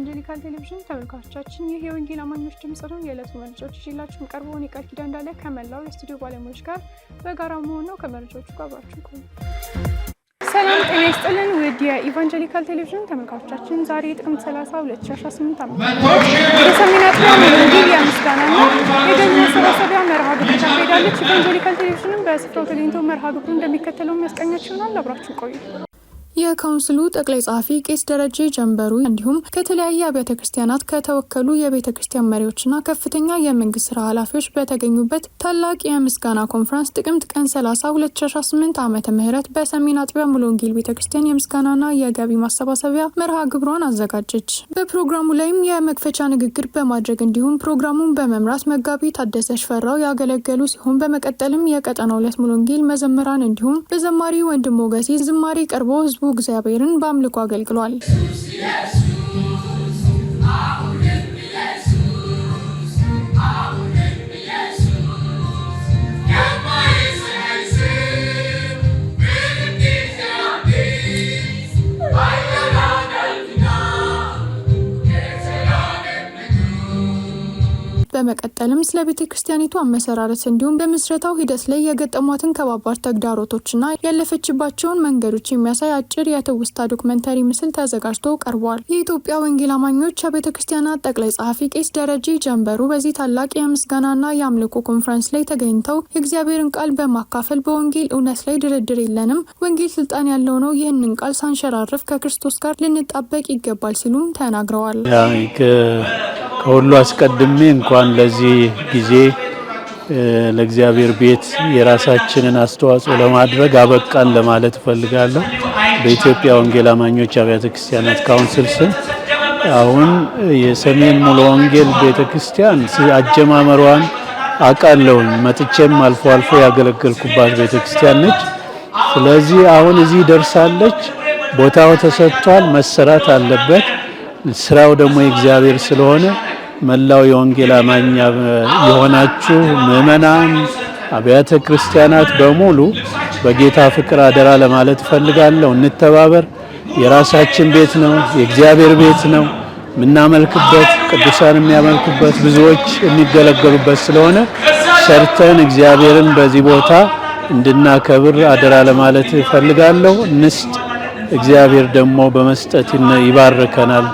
ኢቫንጀሊካል ቴሌቪዥን ተመልካቾቻችን፣ ይህ የወንጌል አማኞች ድምጽ ነው። የዕለቱ መረጃዎች ይዤላችሁ ቀርበውን የቃል ኪዳን እንዳለ ከመላው የስቱዲዮ ባለሙያዎች ጋር በጋራ መሆን ነው። ከመረጃዎቹ ጋር አብራችሁ ቆዩ። ሰላም ጤና ይስጥልን ውድ የኢቫንጀሊካል ቴሌቪዥን ተመልካቾቻችን፣ ዛሬ ጥቅምት 30 2018 ዓ.ም የሰሜን አጥቢያ ወንጌል የምስጋናና የገኛ መሰባሰቢያ መርሃ ግብር ተካሂዳለች። ኢቫንጀሊካል ቴሌቪዥንም በስፍራው ተገኝቶ መርሃ ግብሩ እንደሚከተለው የሚያስቀኛችሁናል። አብራችሁ ቆዩ። የካውንስሉ ጠቅላይ ጸሐፊ ቄስ ደረጀ ጀንበሩ እንዲሁም ከተለያየ አብያተ ክርስቲያናት ከተወከሉ የቤተ ክርስቲያን መሪዎችና ከፍተኛ የመንግስት ስራ ኃላፊዎች በተገኙበት ታላቅ የምስጋና ኮንፈረንስ ጥቅምት ቀን 30 2018 ዓመተ ምህረት በሰሜን አጥቢያ ሙሉ ወንጌል ቤተ ክርስቲያን የምስጋናና የገቢ ማሰባሰቢያ መርሃ ግብሯን አዘጋጀች። በፕሮግራሙ ላይም የመክፈቻ ንግግር በማድረግ እንዲሁም ፕሮግራሙን በመምራት መጋቢ ታደሰ ሽፈራው ያገለገሉ ሲሆን በመቀጠልም የቀጠና ሁለት ሙሉ ወንጌል መዘምራን እንዲሁም በዘማሪ ወንድም ሞገሴ ዝማሬ ቀርቦ ህዝቡ እግዚአብሔርን በአምልኮ አገልግሏል። በመቀጠልም ስለ ቤተ ክርስቲያኒቱ አመሰራረት እንዲሁም በምስረታው ሂደት ላይ የገጠሟትን ከባባድ ተግዳሮቶችና ያለፈችባቸውን መንገዶች የሚያሳይ አጭር የትውስታ ዶክመንተሪ ምስል ተዘጋጅቶ ቀርቧል። የኢትዮጵያ ወንጌል አማኞች የቤተ ክርስቲያናት ጠቅላይ ጸሐፊ ቄስ ደረጀ ጀንበሩ በዚህ ታላቅ የምስጋናና የአምልኮ ኮንፈረንስ ላይ ተገኝተው የእግዚአብሔርን ቃል በማካፈል በወንጌል እውነት ላይ ድርድር የለንም፣ ወንጌል ስልጣን ያለው ነው፣ ይህንን ቃል ሳንሸራርፍ ከክርስቶስ ጋር ልንጣበቅ ይገባል ሲሉም ተናግረዋል። ከሁሉ አስቀድሜ እንኳን አሁን ለዚህ ጊዜ ለእግዚአብሔር ቤት የራሳችንን አስተዋጽኦ ለማድረግ አበቃን ለማለት እፈልጋለሁ። በኢትዮጵያ ወንጌል አማኞች አብያተ ክርስቲያናት ካውንስል ስም አሁን የሰሜን ሙሉ ወንጌል ቤተ ክርስቲያን አጀማመሯን አቃለውን መጥቼም አልፎ አልፎ ያገለገልኩባት ቤተ ክርስቲያን ነች። ስለዚህ አሁን እዚህ ደርሳለች። ቦታው ተሰጥቷል፣ መሰራት አለበት። ስራው ደግሞ የእግዚአብሔር ስለሆነ መላው የወንጌል አማኛ የሆናችሁ ምእመናን፣ አብያተ ክርስቲያናት በሙሉ በጌታ ፍቅር አደራ ለማለት እፈልጋለሁ። እንተባበር። የራሳችን ቤት ነው፣ የእግዚአብሔር ቤት ነው። የምናመልክበት ቅዱሳን የሚያመልኩበት ብዙዎች የሚገለገሉበት ስለሆነ ሰርተን እግዚአብሔርን በዚህ ቦታ እንድናከብር አደራ ለማለት እፈልጋለሁ። ንስጥ እግዚአብሔር ደግሞ በመስጠት ይባርከናል።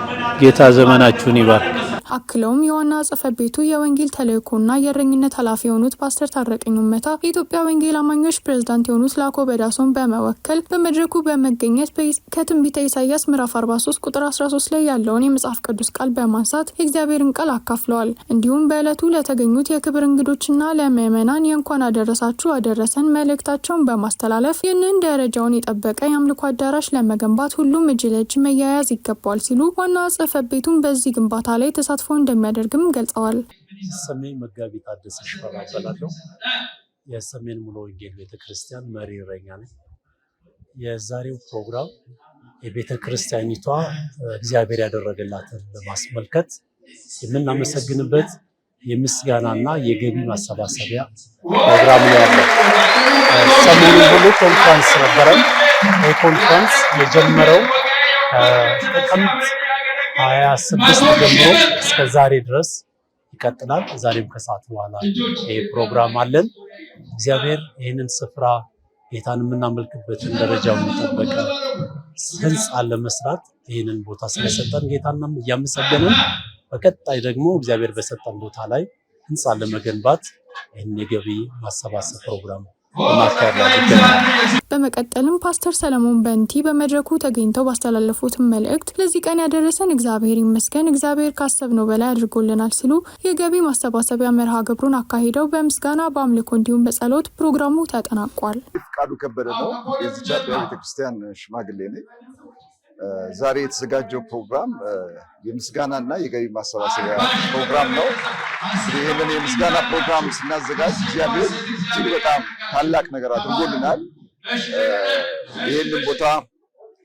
ጌታ ዘመናችሁን ይባርክ። አክለውም የዋና ጽህፈት ቤቱ የወንጌል ተልእኮና የእረኝነት ኃላፊ የሆኑት ፓስተር ታረቀኝ ሁመታ የኢትዮጵያ ወንጌል አማኞች ፕሬዝዳንት የሆኑት ላኮ በዳሶን በመወከል በመድረኩ በመገኘት ከትንቢተ ኢሳያስ ምዕራፍ 43 ቁጥር 13 ላይ ያለውን የመጽሐፍ ቅዱስ ቃል በማንሳት የእግዚአብሔርን ቃል አካፍለዋል። እንዲሁም በዕለቱ ለተገኙት የክብር እንግዶችና ለምእመናን የእንኳን አደረሳችሁ አደረሰን መልእክታቸውን በማስተላለፍ ይህንን ደረጃውን የጠበቀ የአምልኮ አዳራሽ ለመገንባት ሁሉም እጅ ለእጅ መያያዝ ይገባል ሲሉ ዋና ጽሕፈት ቤቱን በዚህ ግንባታ ላይ ተሳ ተሳትፎ እንደሚያደርግም ገልጸዋል። ስሜ መጋቢ ታደሰ ሽፈራ እባላለሁ። የሰሜን ሙሉ ወንጌል ቤተክርስቲያን መሪ እረኛ ነኝ። የዛሬው ፕሮግራም የቤተክርስቲያኒቷ እግዚአብሔር ያደረገላትን ለማስመልከት የምናመሰግንበት የምስጋናና የገቢ ማሰባሰቢያ ፕሮግራም ነው ያለው። ሰሞኑን ሁሉ ኮንፈረንስ ነበረን። የኮንፈረንስ የጀመረው ጥቅምት ሀያ ስድስት ጀምሮ እስከ ዛሬ ድረስ ይቀጥላል። ዛሬም ከሰዓት በኋላ ይህ ፕሮግራም አለን። እግዚአብሔር ይህንን ስፍራ ጌታን የምናመልክበትን ደረጃ የሚጠበቀ ህንፃ ለመስራት ይህንን ቦታ ስለሰጠን ጌታና እያመሰገንን በቀጣይ ደግሞ እግዚአብሔር በሰጠን ቦታ ላይ ህንፃ ለመገንባት ይህን የገቢ ማሰባሰብ ፕሮግራም በመቀጠልም ፓስተር ሰለሞን በንቲ በመድረኩ ተገኝተው ባስተላለፉት መልእክት ለዚህ ቀን ያደረሰን እግዚአብሔር ይመስገን፣ እግዚአብሔር ካሰብነው በላይ አድርጎልናል ሲሉ የገቢ ማሰባሰቢያ መርሃ ግብሩን አካሂደው በምስጋና በአምልኮ እንዲሁም በጸሎት ፕሮግራሙ ተጠናቋል። ፍቃዱ ከበደ ነው የዚቻ ቤተክርስቲያን ሽማግሌ ነኝ። ዛሬ የተዘጋጀው ፕሮግራም የምስጋናና የገቢ ማሰባሰቢያ ፕሮግራም ነው። ይህንን የምስጋና ፕሮግራም ስናዘጋጅ እግዚአብሔር እጅግ በጣም ታላቅ ነገር አድርጎልናል። ይህንን ቦታ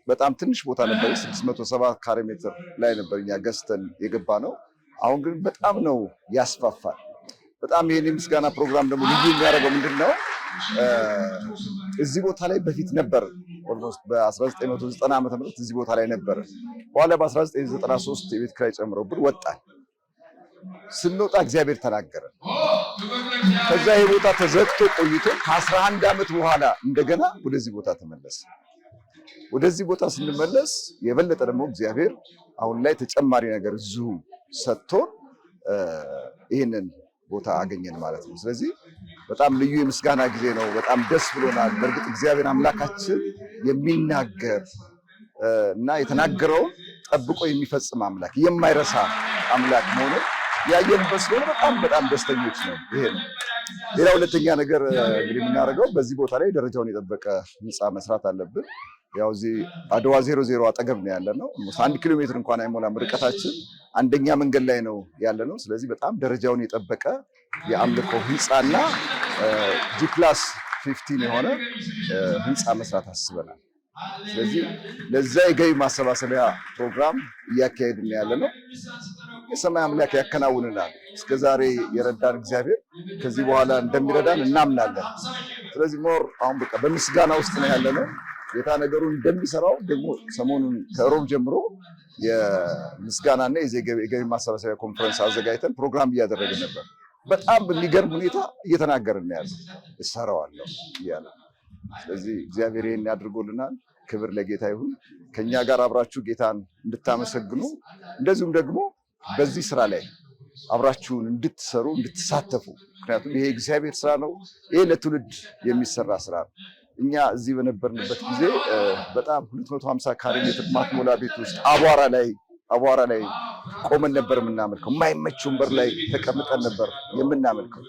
በጣም ትንሽ ቦታ ነበር፣ 670 ካሬ ሜትር ላይ ነበር እኛ ገዝተን የገባ ነው። አሁን ግን በጣም ነው ያስፋፋል። በጣም ይህን የምስጋና ፕሮግራም ደግሞ ልዩ የሚያደርገው ምንድን ነው? እዚህ ቦታ ላይ በፊት ነበር ኦልሞስት በ1990 .ም እዚህ ቦታ ላይ ነበር። በኋላ በ1993 የቤት ኪራይ ጨምሮብን ወጣል። ስንወጣ እግዚአብሔር ተናገረ። ከዛ ይሄ ቦታ ተዘግቶ ቆይቶ ከአስራ አንድ ዓመት በኋላ እንደገና ወደዚህ ቦታ ተመለስ። ወደዚህ ቦታ ስንመለስ የበለጠ ደግሞ እግዚአብሔር አሁን ላይ ተጨማሪ ነገር እዚሁ ሰጥቶን ይህንን ቦታ አገኘን ማለት ነው። ስለዚህ በጣም ልዩ የምስጋና ጊዜ ነው። በጣም ደስ ብሎናል። በእርግጥ እግዚአብሔር አምላካችን የሚናገር እና የተናገረው ጠብቆ የሚፈጽም አምላክ የማይረሳ አምላክ መሆኑን ያየንበት ስለሆነ በጣም በጣም ደስተኞች ነው። ይሄ ነው። ሌላ ሁለተኛ ነገር እንግዲህ የምናደርገው በዚህ ቦታ ላይ ደረጃውን የጠበቀ ህንፃ መስራት አለብን። ያው እዚህ አድዋ ዜሮ ዜሮ አጠገብ ነው ያለ ነው። አንድ ኪሎ ሜትር እንኳን አይሞላም ርቀታችን፣ አንደኛ መንገድ ላይ ነው ያለ ነው። ስለዚህ በጣም ደረጃውን የጠበቀ የአምልኮ ህንፃና ጂፕላስ ፊፍቲን የሆነ ህንፃ መስራት አስበናል። ስለዚህ ለዛ የገቢ ማሰባሰቢያ ፕሮግራም እያካሄድን ያለ ነው። የሰማይ አምላክ ያከናውንናል። ዛሬ የረዳን እግዚአብሔር ከዚህ በኋላ እንደሚረዳን እናምናለን። ስለዚህ ሞር አሁን በቃ በምስጋና ውስጥ ነው ያለ ነው። ጌታ ነገሩን እንደሚሰራው ደግሞ ሰሞኑን ከሮብ ጀምሮ የምስጋናና የገቢ ማሰባሰቢያ ኮንፈረንስ አዘጋጅተን ፕሮግራም እያደረግን ነበር። በጣም በሚገርም ሁኔታ እየተናገርን ያለ እሰራዋለሁ እያለ ስለዚህ እግዚአብሔር ይሄን ያድርጎልናል። ክብር ለጌታ ይሁን። ከኛ ጋር አብራችሁ ጌታን እንድታመሰግኑ እንደዚሁም ደግሞ በዚህ ስራ ላይ አብራችሁን እንድትሰሩ እንድትሳተፉ፣ ምክንያቱም ይሄ እግዚአብሔር ስራ ነው። ይሄ ለትውልድ የሚሰራ ስራ ነው። እኛ እዚህ በነበርንበት ጊዜ በጣም 250 ካሬ ሜትር ማትሞላ ቤት ውስጥ አቧራ ላይ አቧራ ላይ ቆመን ነበር የምናመልከው። የማይመች ወንበር ላይ ተቀምጠን ነበር የምናመልከው።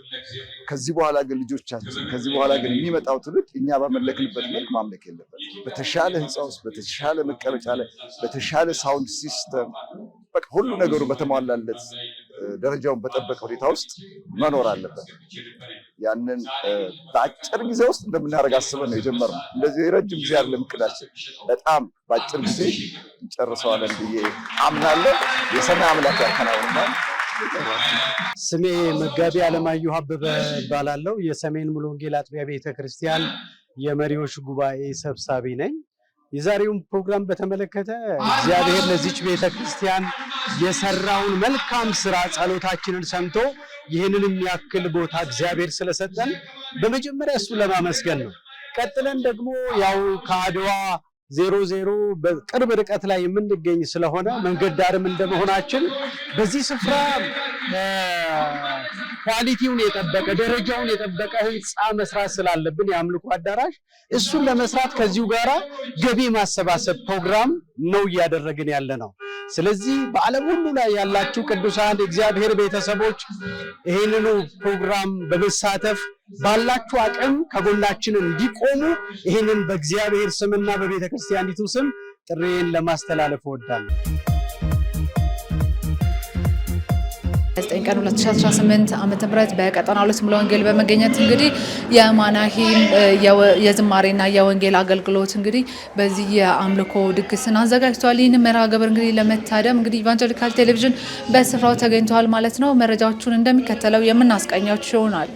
ከዚህ በኋላ ግን ልጆቻችን፣ ከዚህ በኋላ ግን የሚመጣው ትውልድ እኛ ባመለክንበት መልክ ማምለክ የለበት። በተሻለ ህንፃ ውስጥ፣ በተሻለ መቀመጫ ላይ፣ በተሻለ ሳውንድ ሲስተም፣ በቃ ሁሉ ነገሩ በተሟላለት ደረጃውን በጠበቀ ሁኔታ ውስጥ መኖር አለበት። ያንን በአጭር ጊዜ ውስጥ እንደምናደርግ አስበን ነው የጀመርነው። እንደዚህ ረጅም ጊዜ አይደለም እቅዳችን፣ በጣም በአጭር ጊዜ እንጨርሰዋለን ብዬ አምናለሁ። የሰማይ አምላክ ያከናውናል። ስሜ መጋቢ አለማየሁ አበበ እባላለሁ። የሰሜን ሙሉ ወንጌል አጥቢያ ቤተክርስቲያን የመሪዎች ጉባኤ ሰብሳቢ ነኝ። የዛሬውን ፕሮግራም በተመለከተ እግዚአብሔር ለዚች ቤተ ክርስቲያን የሰራውን መልካም ስራ ጸሎታችንን ሰምቶ ይህንን የሚያክል ቦታ እግዚአብሔር ስለሰጠን በመጀመሪያ እሱ ለማመስገን ነው። ቀጥለን ደግሞ ያው ከአድዋ ዜሮ ዜሮ በቅርብ ርቀት ላይ የምንገኝ ስለሆነ መንገድ ዳርም እንደመሆናችን በዚህ ስፍራ ኳሊቲውን የጠበቀ ደረጃውን የጠበቀ ህንፃ መስራት ስላለብን የአምልኮ አዳራሽ እሱን ለመስራት ከዚሁ ጋራ ገቢ ማሰባሰብ ፕሮግራም ነው እያደረግን ያለ ነው። ስለዚህ በዓለም ሁሉ ላይ ያላችሁ ቅዱሳን እግዚአብሔር ቤተሰቦች ይህንኑ ፕሮግራም በመሳተፍ ባላችሁ አቅም ከጎናችን እንዲቆሙ ይህንን በእግዚአብሔር ስምና በቤተ ክርስቲያኒቱ ስም ጥሬን ለማስተላለፍ እወዳለሁ። 9 ቀን 2018 ዓ ም በቀጠና ሁለት ሙሉ ወንጌል በመገኘት እንግዲህ የማናሂም የዝማሬና የወንጌል አገልግሎት እንግዲህ በዚህ የአምልኮ ድግስን አዘጋጅቷል። ይህን መርሃ ግብር እንግዲህ ለመታደም እንግዲህ ኢቫንጀሊካል ቴሌቪዥን በስፍራው ተገኝተዋል ማለት ነው። መረጃዎቹን እንደሚከተለው የምናስቃኛችሁ ይሆናል።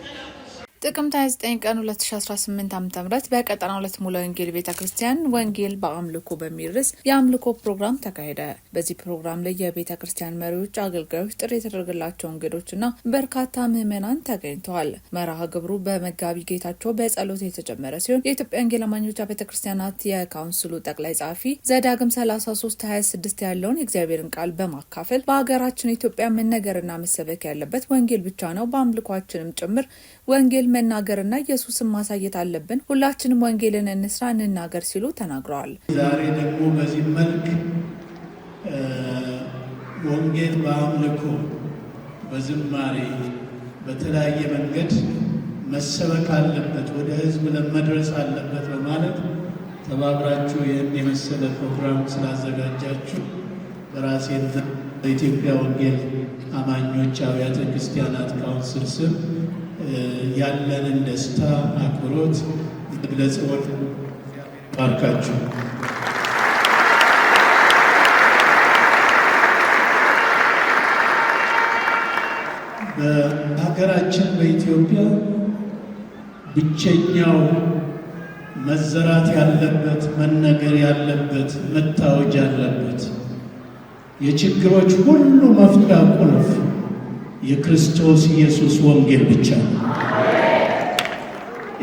ጥቅምት 29 ቀን 2018 ዓ ም በቀጠና ሁለት ሙሉ ወንጌል ቤተ ክርስቲያን ወንጌል በአምልኮ በሚል ርዕስ የአምልኮ ፕሮግራም ተካሄደ። በዚህ ፕሮግራም ላይ የቤተ ክርስቲያን መሪዎች፣ አገልጋዮች፣ ጥሪ የተደረገላቸው እንግዶችና በርካታ ምዕመናን ተገኝተዋል። መርሃ ግብሩ በመጋቢ ጌታቸው በጸሎት የተጀመረ ሲሆን የኢትዮጵያ ወንጌል አማኞች ቤተ ክርስቲያናት የካውንስሉ ጠቅላይ ጸሐፊ ዘዳግም 33 26 ያለውን የእግዚአብሔርን ቃል በማካፈል በሀገራችን ኢትዮጵያ መነገርና መሰበክ ያለበት ወንጌል ብቻ ነው፣ በአምልኳችንም ጭምር ወንጌል መናገርና ኢየሱስን ማሳየት አለብን። ሁላችንም ወንጌልን እንስራ፣ እንናገር ሲሉ ተናግረዋል። ዛሬ ደግሞ በዚህ መልክ ወንጌል በአምልኮ በዝማሬ በተለያየ መንገድ መሰበክ አለበት፣ ወደ ህዝብ ለመድረስ አለበት በማለት ተባብራችሁ ይህን የመሰለ ፕሮግራም ስላዘጋጃችሁ በራሴ በኢትዮጵያ ወንጌል አማኞች አብያተ ክርስቲያናት ካውንስል ስም ያለንን ደስታ፣ አክብሮት ለጽዮን ባርካችሁ በሀገራችን በኢትዮጵያ ብቸኛው መዘራት ያለበት መነገር ያለበት መታወጅ ያለበት የችግሮች ሁሉ መፍቻ ቁልፍ የክርስቶስ ኢየሱስ ወንጌል ብቻ ነው።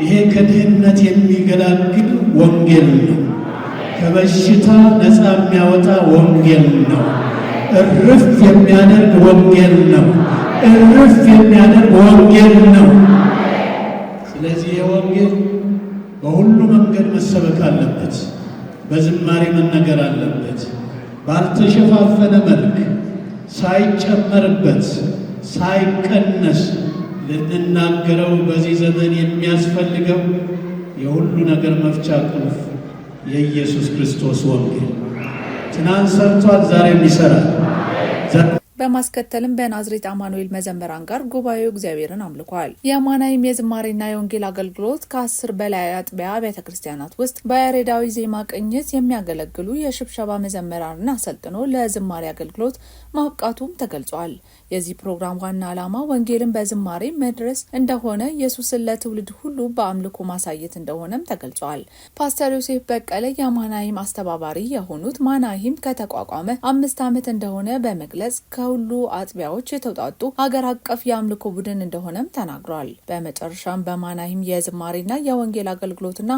ይሄ ከድህነት የሚገላግል ወንጌል ነው። ከበሽታ ነፃ የሚያወጣ ወንጌል ነው። እርፍ የሚያደርግ ወንጌል ነው። እርፍ የሚያደርግ ወንጌል ነው። ስለዚህ የወንጌል በሁሉ መንገድ መሰበክ አለበት። በዝማሬ መነገር አለበት። ባልተሸፋፈነ መልክ ሳይጨመርበት ሳይቀነስ ልንናገረው በዚህ ዘመን የሚያስፈልገው የሁሉ ነገር መፍቻ ቁልፍ የኢየሱስ ክርስቶስ ወንጌል ትናንት ሰርቷል፣ ዛሬም ይሰራል። በማስከተልም በናዝሬት አማኑኤል መዘመራን ጋር ጉባኤው እግዚአብሔርን አምልኳል። የማናይም የዝማሬና የወንጌል አገልግሎት ከአስር በላይ አጥቢያ ቤተ ክርስቲያናት ውስጥ በያሬዳዊ ዜማ ቅኝት የሚያገለግሉ የሽብሸባ መዘመራንን አሰልጥኖ ለዝማሬ አገልግሎት ማብቃቱም ተገልጿል። የዚህ ፕሮግራም ዋና ዓላማ ወንጌልን በዝማሬ መድረስ እንደሆነ ኢየሱስን ለትውልድ ሁሉ በአምልኮ ማሳየት እንደሆነም ተገልጿል። ፓስተር ዮሴፍ በቀለ የማናሂም አስተባባሪ የሆኑት ማናሂም ከተቋቋመ አምስት ዓመት እንደሆነ በመግለጽ ከሁሉ አጥቢያዎች የተውጣጡ አገር አቀፍ የአምልኮ ቡድን እንደሆነም ተናግሯል። በመጨረሻም በማናሂም የዝማሬና የወንጌል አገልግሎትና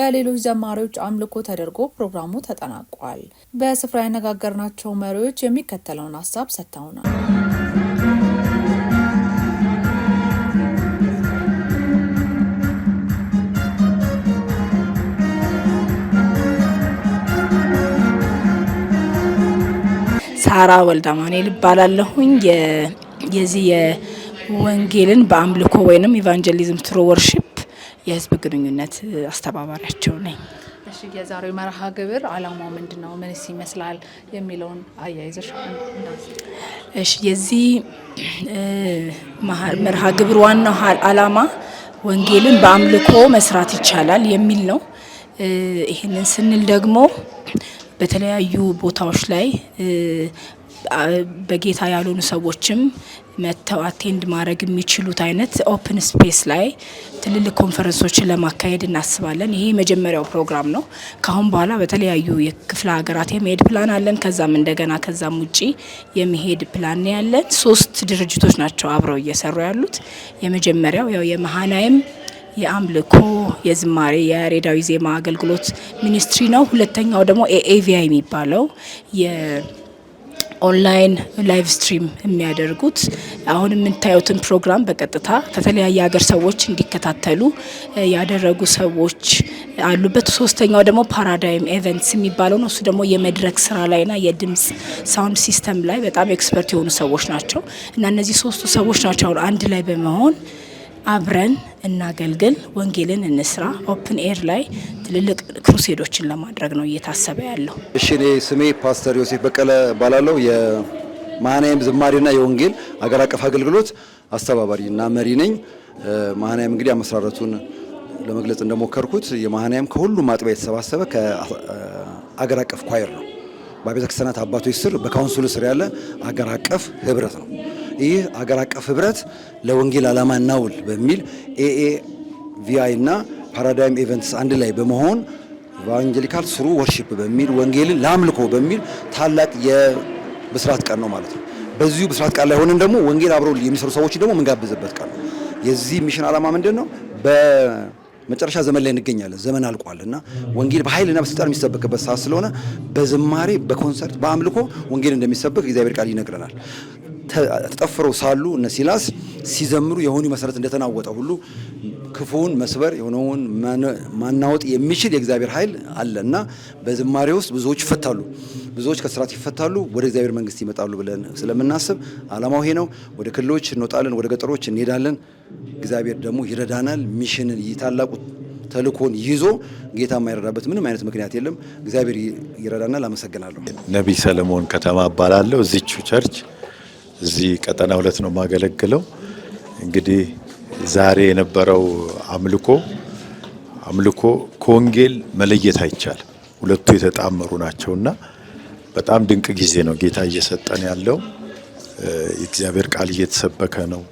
በሌሎች ዘማሪዎች አምልኮ ተደርጎ ፕሮግራሙ ተጠናቋል። በስፍራ ያነጋገርናቸው መሪዎች የሚከተለውን ሀሳብ ሰጥተውናል። ሳራ ወልዳ ማኔል እባላለሁኝ። የዚህ የወንጌልን በአምልኮ ወይንም ኢቫንጀሊዝም ትሮ ወርሽፕ የህዝብ ግንኙነት አስተባባሪያቸው ነኝ። እሺ የዛሬው መርሃ ግብር አላማው ምንድን ነው? ምንስ ይመስላል የሚለውን አያይዘሽ። እሺ የዚህ መርሃ ግብር ዋናው አላማ ወንጌልን በአምልኮ መስራት ይቻላል የሚል ነው። ይህንን ስንል ደግሞ በተለያዩ ቦታዎች ላይ በጌታ ያልሆኑ ሰዎችም መጥተው አቴንድ ማድረግ የሚችሉት አይነት ኦፕን ስፔስ ላይ ትልልቅ ኮንፈረንሶችን ለማካሄድ እናስባለን። ይሄ የመጀመሪያው ፕሮግራም ነው። ከአሁን በኋላ በተለያዩ የክፍለ ሀገራት የመሄድ ፕላን አለን። ከዛም እንደገና ከዛም ውጪ የመሄድ ፕላን ያለን ሶስት ድርጅቶች ናቸው አብረው እየሰሩ ያሉት። የመጀመሪያው ያው የመሀናይም የአምልኮ የዝማሬ የሬዳዊ ዜማ አገልግሎት ሚኒስትሪ ነው። ሁለተኛው ደግሞ ኤኤቪያ የሚባለው ኦንላይን ላይቭ ስትሪም የሚያደርጉት አሁን የምታዩትን ፕሮግራም በቀጥታ ከተለያየ ሀገር ሰዎች እንዲከታተሉ ያደረጉ ሰዎች አሉበት። ሶስተኛው ደግሞ ፓራዳይም ኤቨንትስ የሚባለው ነው። እሱ ደግሞ የመድረክ ስራ ላይና የድምጽ ሳውንድ ሲስተም ላይ በጣም ኤክስፐርት የሆኑ ሰዎች ናቸው እና እነዚህ ሶስቱ ሰዎች ናቸው አሁን አንድ ላይ በመሆን አብረን እናገልግል፣ ወንጌልን እንስራ። ኦፕን ኤር ላይ ትልልቅ ክሩሴዶችን ለማድረግ ነው እየታሰበ ያለው። እሺ፣ እኔ ስሜ ፓስተር ዮሴፍ በቀለ ባላለው የማህናይም ዝማሬና የወንጌል አገር አቀፍ አገልግሎት አስተባባሪ እና መሪ ነኝ። ማህናይም እንግዲህ አመሰራረቱን ለመግለጽ እንደሞከርኩት የማህናይም ከሁሉም ማጥቢያ የተሰባሰበ ከአገር አቀፍ ኳየር ነው። በቤተክርስቲያናት አባቶች ስር በካውንስሉ ስር ያለ አገር አቀፍ ህብረት ነው። ይህ አገር አቀፍ ህብረት ለወንጌል ዓላማ እናውል በሚል ኤኤ ቪአይ እና ፓራዳይም ኢቨንትስ አንድ ላይ በመሆን ኢቫንጀሊካል ስሩ ወርሺፕ በሚል ወንጌልን ለአምልኮ በሚል ታላቅ የብስራት ቀን ነው ማለት ነው። በዚሁ ብስራት ቀን ላይ ሆነን ደግሞ ወንጌል አብሮ የሚሰሩ ሰዎች ደግሞ የምንጋብዝበት ቀን ነው። የዚህ ሚሽን ዓላማ ምንድን ነው? በመጨረሻ ዘመን ላይ እንገኛለን። ዘመን አልቋል እና ወንጌል በኃይልና በስልጣን የሚሰበክበት ሰዓት ስለሆነ በዝማሬ፣ በኮንሰርት፣ በአምልኮ ወንጌል እንደሚሰበክ እግዚአብሔር ቃል ይነግረናል። ተጠፍረው ሳሉ እነ ሲላስ ሲዘምሩ የሆኑ መሰረት እንደተናወጠ ሁሉ ክፉውን መስበር የሆነውን ማናወጥ የሚችል የእግዚአብሔር ኃይል አለ እና በዝማሬ ውስጥ ብዙዎች ይፈታሉ፣ ብዙዎች ከስርዓት ይፈታሉ፣ ወደ እግዚአብሔር መንግስት ይመጣሉ ብለን ስለምናስብ አላማው ይሄ ነው። ወደ ክልሎች እንወጣለን፣ ወደ ገጠሮች እንሄዳለን። እግዚአብሔር ደግሞ ይረዳናል። ሚሽንን ይታላቁ ተልኮን ይዞ ጌታ የማይረዳበት ምንም አይነት ምክንያት የለም። እግዚአብሔር ይረዳናል። አመሰግናለሁ። ነቢይ ሰለሞን ከተማ እባላለሁ። እዚቹ ቸርች እዚህ ቀጠና ሁለት ነው የማገለግለው። እንግዲህ ዛሬ የነበረው አምልኮ አምልኮ ከወንጌል መለየት አይቻልም። ሁለቱ የተጣመሩ ናቸውና በጣም ድንቅ ጊዜ ነው ጌታ እየሰጠን ያለው። የእግዚአብሔር ቃል እየተሰበከ ነው።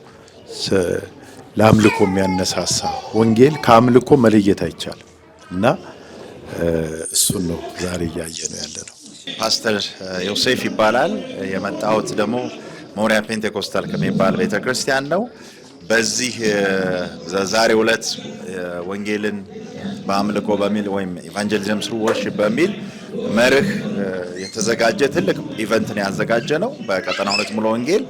ለአምልኮ የሚያነሳሳ ወንጌል ከአምልኮ መለየት አይቻልም እና እሱን ነው ዛሬ እያየ ነው ያለ ነው። ፓስተር ዮሴፍ ይባላል። የመጣሁት ደግሞ ሞሪያ ፔንቴኮስታል ከሚባል ቤተ ክርስቲያን ነው። በዚህ ዛሬ ዕለት ወንጌልን በአምልኮ በሚል ወይም ኢቫንጀሊዝም ስሩ ወርሺፕ በሚል መርህ የተዘጋጀ ትልቅ ኢቨንትን ያዘጋጀ ነው በቀጠና ሁለት ሙሉ ወንጌል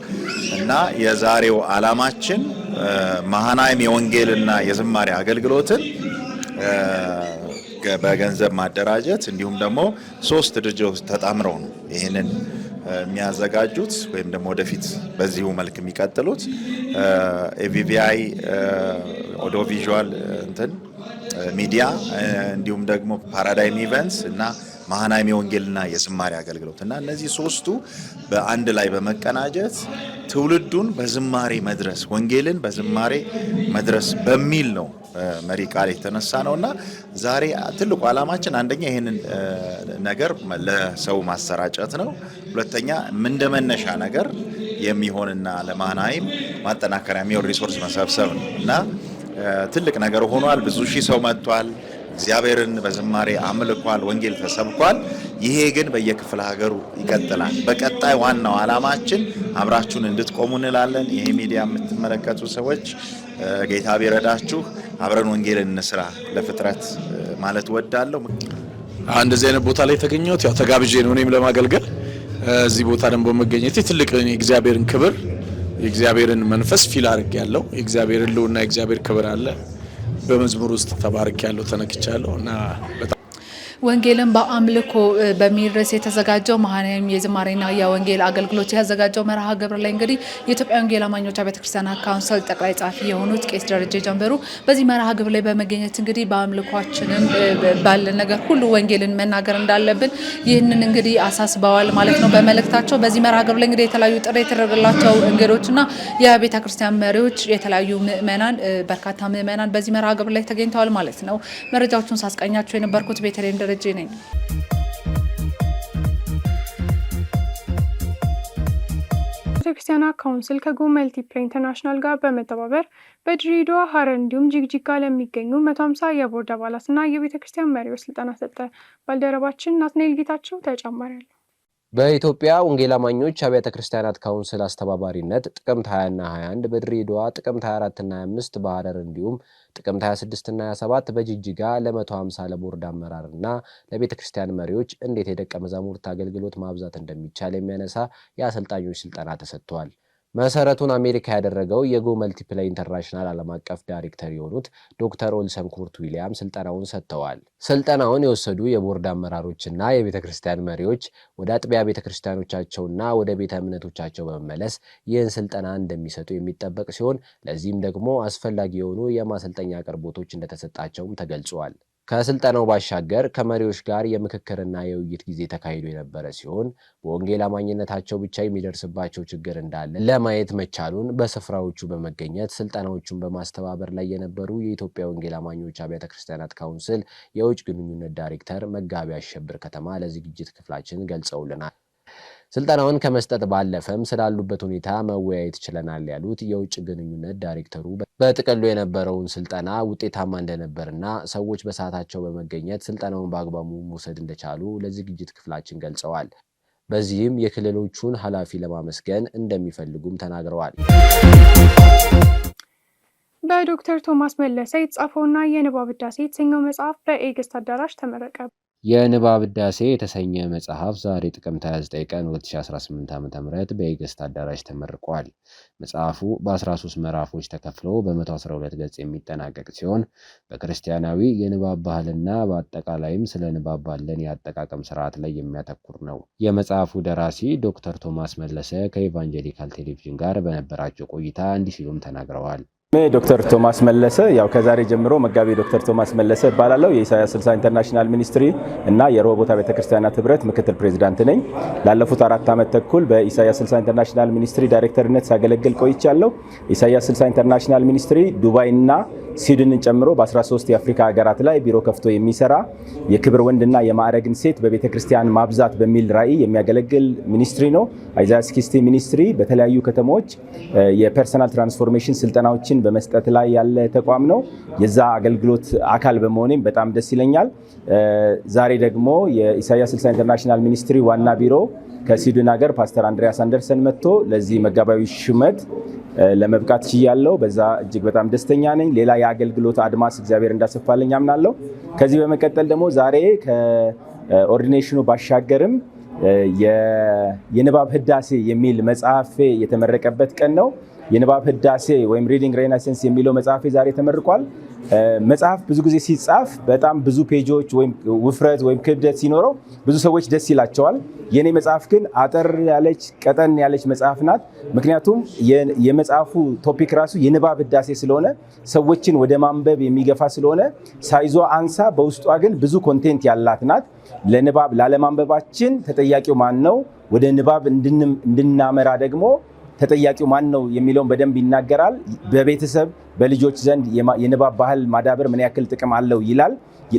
እና የዛሬው ዓላማችን መሃናይም የወንጌልና የዝማሬ አገልግሎትን በገንዘብ ማደራጀት እንዲሁም ደግሞ ሶስት ድርጅቶች ተጣምረው ነው ይህንን የሚያዘጋጁት ወይም ደግሞ ወደፊት በዚሁ መልክ የሚቀጥሉት ኤቪቪአይ ኦዲዮ ቪዥዋል እንትን ሚዲያ እንዲሁም ደግሞ ፓራዳይም ኢቨንትስ እና ማህናይም የወንጌልና የዝማሬ አገልግሎት እና እነዚህ ሶስቱ በአንድ ላይ በመቀናጀት ትውልዱን በዝማሬ መድረስ ወንጌልን በዝማሬ መድረስ በሚል ነው መሪ ቃል የተነሳ ነው እና ዛሬ ትልቁ ዓላማችን አንደኛ ይህንን ነገር ለሰው ማሰራጨት ነው። ሁለተኛ እንደ መነሻ ነገር የሚሆንና ለማናይም ማጠናከሪያ የሚሆን ሪሶርስ መሰብሰብ ነው እና ትልቅ ነገር ሆኗል። ብዙ ሺህ ሰው መጥቷል። እግዚአብሔርን በዝማሬ አምልኳል፣ ወንጌል ተሰብኳል። ይሄ ግን በየክፍለ ሀገሩ ይቀጥላል። በቀጣይ ዋናው ዓላማችን አብራችሁን እንድትቆሙ እንላለን። ይሄ ሚዲያ የምትመለከቱ ሰዎች ጌታ ቢረዳችሁ አብረን ወንጌል እንስራ ለፍጥረት ማለት ወዳለሁ። እንደዚህ አይነት ቦታ ላይ የተገኘሁት ያው ተጋብዤ ነው እኔም ለማገልገል እዚህ ቦታ ደንቦ መገኘቴ ትልቅ የእግዚአብሔርን ክብር የእግዚአብሔርን መንፈስ ፊል አድርጌ ያለው የእግዚአብሔር ልውና የእግዚአብሔር ክብር አለ በመዝሙር ውስጥ ተባርክ ያለው ተነክቻለሁ እና ወንጌልን በአምልኮ በሚል ርዕስ የተዘጋጀው መሃናይም የዝማሬና የወንጌል አገልግሎት ያዘጋጀው መርሃ ግብር ላይ እንግዲህ የኢትዮጵያ ወንጌል አማኞች ቤተክርስቲያን ካውንስል ጠቅላይ ጻፊ የሆኑት ቄስ ደረጀ ጀንበሩ በዚህ መርሃ ግብር ላይ በመገኘት እንግዲህ በአምልኳችንም ባለ ነገር ሁሉ ወንጌልን መናገር እንዳለብን ይህንን እንግዲህ አሳስበዋል ማለት ነው በመልእክታቸው። በዚህ መርሃ ግብር ላይ እንግዲህ የተለያዩ ጥሪ የተደረገላቸው እንግዶችና የቤተ ክርስቲያን መሪዎች፣ የተለያዩ ምእመናን በርካታ ምእመናን በዚህ መርሃ ግብር ላይ ተገኝተዋል ማለት ነው። መረጃዎቹን ሳስቀኛቸው የነበርኩት ቤተልሔም ደረጀ ነኝ። ቤተክርስቲያና ካውንስል ከጎመልቲ ፕሬ ኢንተርናሽናል ጋር በመተባበር በድሬዳዋ፣ ሐረር እንዲሁም ጅግጅጋ ለሚገኙ መቶ ሀምሳ የቦርድ አባላትና የቤተክርስቲያን መሪዎች ስልጠና ሰጠ። ባልደረባችን ናትናኤል ጌታቸው ተጨማሪ ያለው በኢትዮጵያ ወንጌል አማኞች አብያተ ክርስቲያናት ካውንስል አስተባባሪነት ጥቅምት 20ና 21 በድሬዳዋ ጥቅምት 24ና 25 በሐረር እንዲሁም ጥቅምት 26ና 27 በጅጅጋ ለ150 ለቦርድ አመራር አመራርና ለቤተ ክርስቲያን መሪዎች እንዴት የደቀ መዛሙርት አገልግሎት ማብዛት እንደሚቻል የሚያነሳ የአሰልጣኞች ስልጠና ተሰጥቷል። መሰረቱን አሜሪካ ያደረገው የጎ መልቲፕላይ ኢንተርናሽናል ዓለም አቀፍ ዳይሬክተር የሆኑት ዶክተር ኦልሰን ኩርት ዊሊያም ስልጠናውን ሰጥተዋል። ስልጠናውን የወሰዱ የቦርድ አመራሮችና የቤተ ክርስቲያን መሪዎች ወደ አጥቢያ ቤተ ክርስቲያኖቻቸውና ወደ ቤተ እምነቶቻቸው በመመለስ ይህን ስልጠና እንደሚሰጡ የሚጠበቅ ሲሆን ለዚህም ደግሞ አስፈላጊ የሆኑ የማሰልጠኛ አቅርቦቶች እንደተሰጣቸውም ተገልጿል። ከስልጠናው ባሻገር ከመሪዎች ጋር የምክክርና የውይይት ጊዜ ተካሂዶ የነበረ ሲሆን በወንጌል አማኝነታቸው ብቻ የሚደርስባቸው ችግር እንዳለ ለማየት መቻሉን በስፍራዎቹ በመገኘት ስልጠናዎቹን በማስተባበር ላይ የነበሩ የኢትዮጵያ ወንጌል አማኞች አብያተ ክርስቲያናት ካውንስል የውጭ ግንኙነት ዳይሬክተር መጋቢ አሸብር ከተማ ለዝግጅት ክፍላችን ገልጸውልናል። ስልጠናውን ከመስጠት ባለፈም ስላሉበት ሁኔታ መወያየት ችለናል ያሉት የውጭ ግንኙነት ዳይሬክተሩ በጥቅሉ የነበረውን ስልጠና ውጤታማ እንደነበርና ሰዎች በሰዓታቸው በመገኘት ስልጠናውን በአግባቡ መውሰድ እንደቻሉ ለዝግጅት ክፍላችን ገልጸዋል። በዚህም የክልሎቹን ኃላፊ ለማመስገን እንደሚፈልጉም ተናግረዋል። በዶክተር ቶማስ መለሰ የተጻፈውና የንባብ ህዳሴ የተሰኘው መጽሐፍ በኤግስት አዳራሽ ተመረቀ። የንባብ ህዳሴ የተሰኘ መጽሐፍ ዛሬ ጥቅምት 29 ቀን 2018 ዓ ም በኤገስት አዳራሽ ተመርቋል። መጽሐፉ በ13 ምዕራፎች ተከፍሎ በ112 ገጽ የሚጠናቀቅ ሲሆን በክርስቲያናዊ የንባብ ባህልና በአጠቃላይም ስለ ንባብ ባለን የአጠቃቀም ስርዓት ላይ የሚያተኩር ነው። የመጽሐፉ ደራሲ ዶክተር ቶማስ መለሰ ከኢቫንጀሊካል ቴሌቪዥን ጋር በነበራቸው ቆይታ እንዲህ ሲሉም ተናግረዋል። ሜ ዶክተር ቶማስ መለሰ ያው ከዛሬ ጀምሮ መጋቢ ዶክተር ቶማስ መለሰ እባላለሁ። የኢሳያስ 60 ኢንተርናሽናል ሚኒስትሪ እና የሮቦታ አብያተ ክርስቲያናት ህብረት ምክትል ፕሬዚዳንት ነኝ። ላለፉት አራት ዓመት ተኩል በኢሳያስ 60 ኢንተርናሽናል ሚኒስትሪ ዳይሬክተርነት ሳገለግል ቆይቻለሁ። ኢሳያስ 60 ኢንተርናሽናል ሚኒስትሪ ዱባይና ስዊድንን ጨምሮ በ13 የአፍሪካ ሀገራት ላይ ቢሮ ከፍቶ የሚሰራ የክብር ወንድና የማዕረግን ሴት በቤተ ክርስቲያን ማብዛት በሚል ራዕይ የሚያገለግል ሚኒስትሪ ነው። ኢሳያስ ኪስቲ ሚኒስትሪ በተለያዩ ከተሞች የፐርሰናል ትራንስፎርሜሽን ስልጠናዎችን አገልግሎቶችን በመስጠት ላይ ያለ ተቋም ነው። የዛ አገልግሎት አካል በመሆኔም በጣም ደስ ይለኛል። ዛሬ ደግሞ የኢሳያስ ስልሳ ኢንተርናሽናል ሚኒስትሪ ዋና ቢሮ ከስዊድን ሀገር ፓስተር አንድሪያስ አንደርሰን መጥቶ ለዚህ መጋባዊ ሹመት ለመብቃት ችያለሁ። በዛ እጅግ በጣም ደስተኛ ነኝ። ሌላ የአገልግሎት አድማስ እግዚአብሔር እንዳሰፋለኝ አምናለሁ። ከዚህ በመቀጠል ደግሞ ዛሬ ከኦርዲኔሽኑ ባሻገርም የንባብ ህዳሴ የሚል መጽሐፌ የተመረቀበት ቀን ነው። የንባብ ህዳሴ ወይም ሪዲንግ ሬናሴንስ የሚለው መጽሐፍ ዛሬ ተመርቋል። መጽሐፍ ብዙ ጊዜ ሲጻፍ በጣም ብዙ ፔጆች ወይም ውፍረት ወይም ክብደት ሲኖረው ብዙ ሰዎች ደስ ይላቸዋል። የእኔ መጽሐፍ ግን አጠር ያለች ቀጠን ያለች መጽሐፍ ናት። ምክንያቱም የመጽሐፉ ቶፒክ ራሱ የንባብ ህዳሴ ስለሆነ ሰዎችን ወደ ማንበብ የሚገፋ ስለሆነ ሳይዟ አንሳ፣ በውስጧ ግን ብዙ ኮንቴንት ያላት ናት። ለንባብ ላለማንበባችን ተጠያቂው ማን ነው? ወደ ንባብ እንድናመራ ደግሞ ተጠያቂው ማን ነው የሚለውን በደንብ ይናገራል። በቤተሰብ በልጆች ዘንድ የንባብ ባህል ማዳበር ምን ያክል ጥቅም አለው ይላል።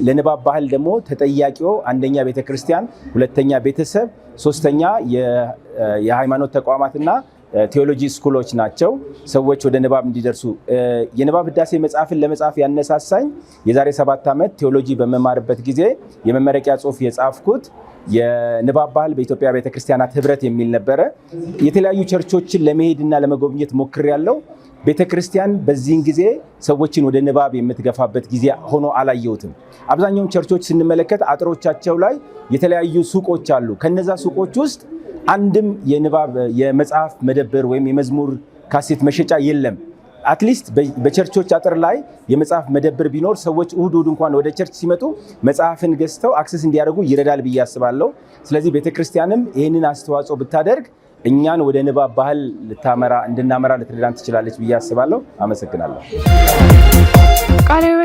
ለንባብ ባህል ደግሞ ተጠያቂው አንደኛ ቤተክርስቲያን፣ ሁለተኛ ቤተሰብ፣ ሶስተኛ የሃይማኖት ተቋማትና ቴዎሎጂ ስኩሎች ናቸው። ሰዎች ወደ ንባብ እንዲደርሱ የንባብ ህዳሴ መጽሐፍን ለመጻፍ ያነሳሳኝ የዛሬ ሰባት ዓመት ቴዎሎጂ በመማርበት ጊዜ የመመረቂያ ጽሁፍ የጻፍኩት የንባብ ባህል በኢትዮጵያ ቤተክርስቲያናት ህብረት የሚል ነበረ። የተለያዩ ቸርቾችን ለመሄድና ለመጎብኘት ሞክር ያለው ቤተክርስቲያን በዚህን ጊዜ ሰዎችን ወደ ንባብ የምትገፋበት ጊዜ ሆኖ አላየሁትም። አብዛኛውን ቸርቾች ስንመለከት አጥሮቻቸው ላይ የተለያዩ ሱቆች አሉ። ከነዛ ሱቆች ውስጥ አንድም የንባብ የመጽሐፍ መደብር ወይም የመዝሙር ካሴት መሸጫ የለም። አትሊስት በቸርቾች አጥር ላይ የመጽሐፍ መደብር ቢኖር ሰዎች እሁድ እሁድ እንኳን ወደ ቸርች ሲመጡ መጽሐፍን ገዝተው አክሰስ እንዲያደርጉ ይረዳል ብዬ አስባለሁ። ስለዚህ ቤተክርስቲያንም ይህንን አስተዋጽኦ ብታደርግ እኛን ወደ ንባብ ባህል ልታመራ እንድናመራ ልትረዳን ትችላለች ብዬ አስባለሁ። አመሰግናለሁ።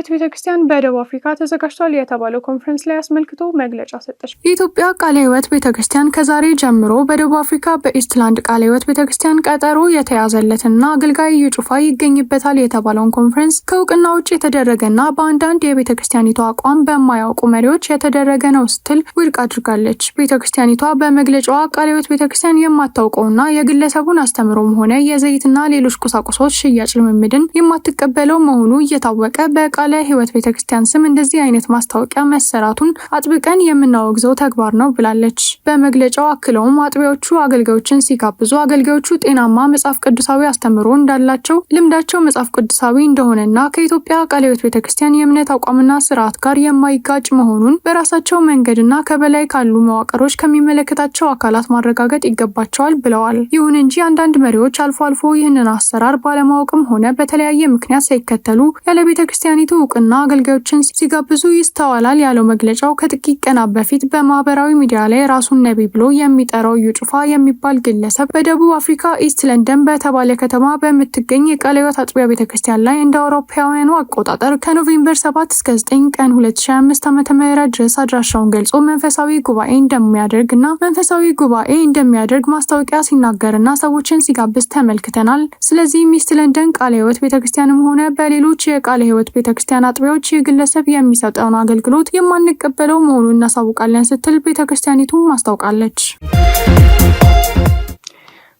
የጥምቀት ቤተክርስቲያን በደቡብ አፍሪካ ተዘጋጅቷል የተባለው ኮንፈረንስ ላይ አስመልክቶ መግለጫ ሰጠች። የኢትዮጵያ ቃለ ሕይወት ቤተክርስቲያን ከዛሬ ጀምሮ በደቡብ አፍሪካ በኢስትላንድ ቃለ ሕይወት ቤተክርስቲያን ቀጠሮ የተያዘለትና አገልጋይ እዩ ጩፋ ይገኝበታል የተባለውን ኮንፈረንስ ከእውቅና ውጭ የተደረገና በአንዳንድ የቤተክርስቲያኒቱ አቋም በማያውቁ መሪዎች የተደረገ ነው ስትል ውድቅ አድርጋለች። ቤተክርስቲያኒቷ በመግለጫዋ ቃለ ሕይወት ቤተክርስቲያን የማታውቀውና የግለሰቡን አስተምሮም ሆነ የዘይትና ሌሎች ቁሳቁሶች ሽያጭ ልምምድን የማትቀበለው መሆኑ እየታወቀ በቃለ ስለ ህይወት ቤተ ክርስቲያን ስም እንደዚህ አይነት ማስታወቂያ መሰራቱን አጥብቀን የምናወግዘው ተግባር ነው ብላለች። በመግለጫው አክለውም አጥቢያዎቹ አገልጋዮችን ሲጋብዙ አገልጋዮቹ ጤናማ መጽሐፍ ቅዱሳዊ አስተምህሮ እንዳላቸው፣ ልምዳቸው መጽሐፍ ቅዱሳዊ እንደሆነና ከኢትዮጵያ ቃለ ቤተክርስቲያን ቤተ ክርስቲያን የእምነት አቋምና ስርዓት ጋር የማይጋጭ መሆኑን በራሳቸው መንገድና ከበላይ ካሉ መዋቅሮች ከሚመለከታቸው አካላት ማረጋገጥ ይገባቸዋል ብለዋል። ይሁን እንጂ አንዳንድ መሪዎች አልፎ አልፎ ይህንን አሰራር ባለማወቅም ሆነ በተለያየ ምክንያት ሳይከተሉ ያለ ቤተ ክርስቲያኒቱ እውቅና አገልጋዮችን ሲጋብዙ ይስተዋላል ያለው መግለጫው ከጥቂት ቀናት በፊት በማህበራዊ ሚዲያ ላይ ራሱን ነቢ ብሎ የሚጠራው እዩ ጩፋ የሚባል ግለሰብ በደቡብ አፍሪካ ኢስት ለንደን በተባለ ከተማ በምትገኝ የቃለ ሕይወት አጥቢያ ቤተ ክርስቲያን ላይ እንደ አውሮፓውያኑ አቆጣጠር ከኖቬምበር 7 እስከ 9 ቀን 2025 ም ድረስ አድራሻውን ገልጾ መንፈሳዊ ጉባኤ እንደሚያደርግ እና መንፈሳዊ ጉባኤ እንደሚያደርግ ማስታወቂያ ሲናገርና ሰዎችን ሲጋብዝ ተመልክተናል። ስለዚህም ኢስት ለንደን ቃለ ሕይወት ቤተክርስቲያንም ሆነ በሌሎች የቃለ ሕይወት ቤተክርስቲያን ክርስቲያን አጥቢያዎች ይህ ግለሰብ የሚሰጠውን አገልግሎት የማንቀበለው መሆኑን እናሳውቃለን ስትል ቤተ ክርስቲያኒቱም አስታውቃለች።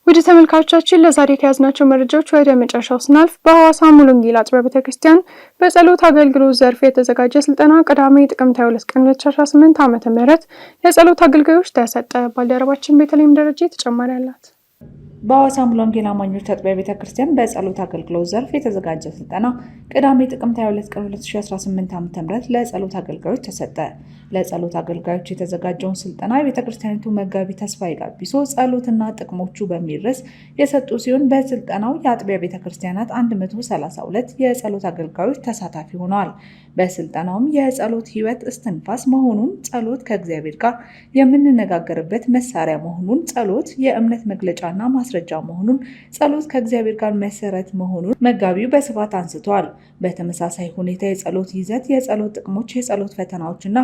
ውድ ተመልካቾቻችን ለዛሬ ከያዝናቸው መረጃዎች ወደ መጨረሻው ስናልፍ በሐዋሳ ሙሉ ወንጌል አጥቢያ ቤተክርስቲያን በጸሎት አገልግሎት ዘርፍ የተዘጋጀ ስልጠና ቅዳሜ ጥቅምት 22 ቀን 2018 ዓ.ም ለጸሎት አገልጋዮች ተሰጠ። ባልደረባችን በተለይም ደረጃ ተጨማሪ አላት። በሐዋሳ ሙሉ ወንጌል አማኞች አጥቢያ ቤተ ክርስቲያን በጸሎት አገልግሎት ዘርፍ የተዘጋጀ ስልጠና ቅዳሜ ጥቅምት 22 ቀን 2018 ዓ.ም ለጸሎት አገልጋዮች ተሰጠ። ለጸሎት አገልጋዮች የተዘጋጀውን ስልጠና የቤተ ክርስቲያኒቱ መጋቢ ተስፋዬ ጋቢሶ ጸሎትና ጥቅሞቹ በሚል ርዕስ የሰጡ ሲሆን በስልጠናው የአጥቢያ ቤተ ክርስቲያናት 132 የጸሎት አገልጋዮች ተሳታፊ ሆነዋል። በስልጠናውም የጸሎት ህይወት እስትንፋስ መሆኑን፣ ጸሎት ከእግዚአብሔር ጋር የምንነጋገርበት መሳሪያ መሆኑን፣ ጸሎት የእምነት መግለጫና ማስ ማስረጃ መሆኑን፣ ጸሎት ከእግዚአብሔር ጋር መሰረት መሆኑን መጋቢው በስፋት አንስቷል። በተመሳሳይ ሁኔታ የጸሎት ይዘት፣ የጸሎት ጥቅሞች፣ የጸሎት ፈተናዎችና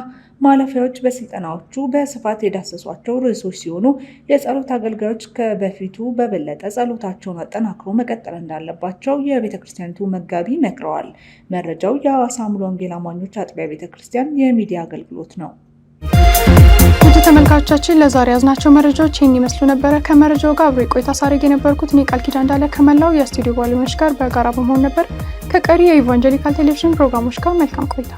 ማለፊያዎች በስልጠናዎቹ በስፋት የዳሰሷቸው ርዕሶች ሲሆኑ የጸሎት አገልጋዮች ከበፊቱ በበለጠ ጸሎታቸውን አጠናክሮ መቀጠል እንዳለባቸው የቤተ ክርስቲያኒቱ መጋቢ መክረዋል። መረጃው የሐዋሳ ሙሉ ወንጌል አማኞች አጥቢያ ቤተ ክርስቲያን የሚዲያ አገልግሎት ነው። ተመልካቾቻችን ለዛሬ ያዝናቸው መረጃዎች ይህን ይመስሉ ነበረ። ከመረጃው ጋር አብሬ ቆይታ ሳረግ የነበርኩት እኔ ቃል ኪዳን እንዳለ ከመላው የስቱዲዮ ባለሙያዎች ጋር በጋራ በመሆን ነበር። ከቀሪ የኢቫንጀሊካል ቴሌቪዥን ፕሮግራሞች ጋር መልካም ቆይታ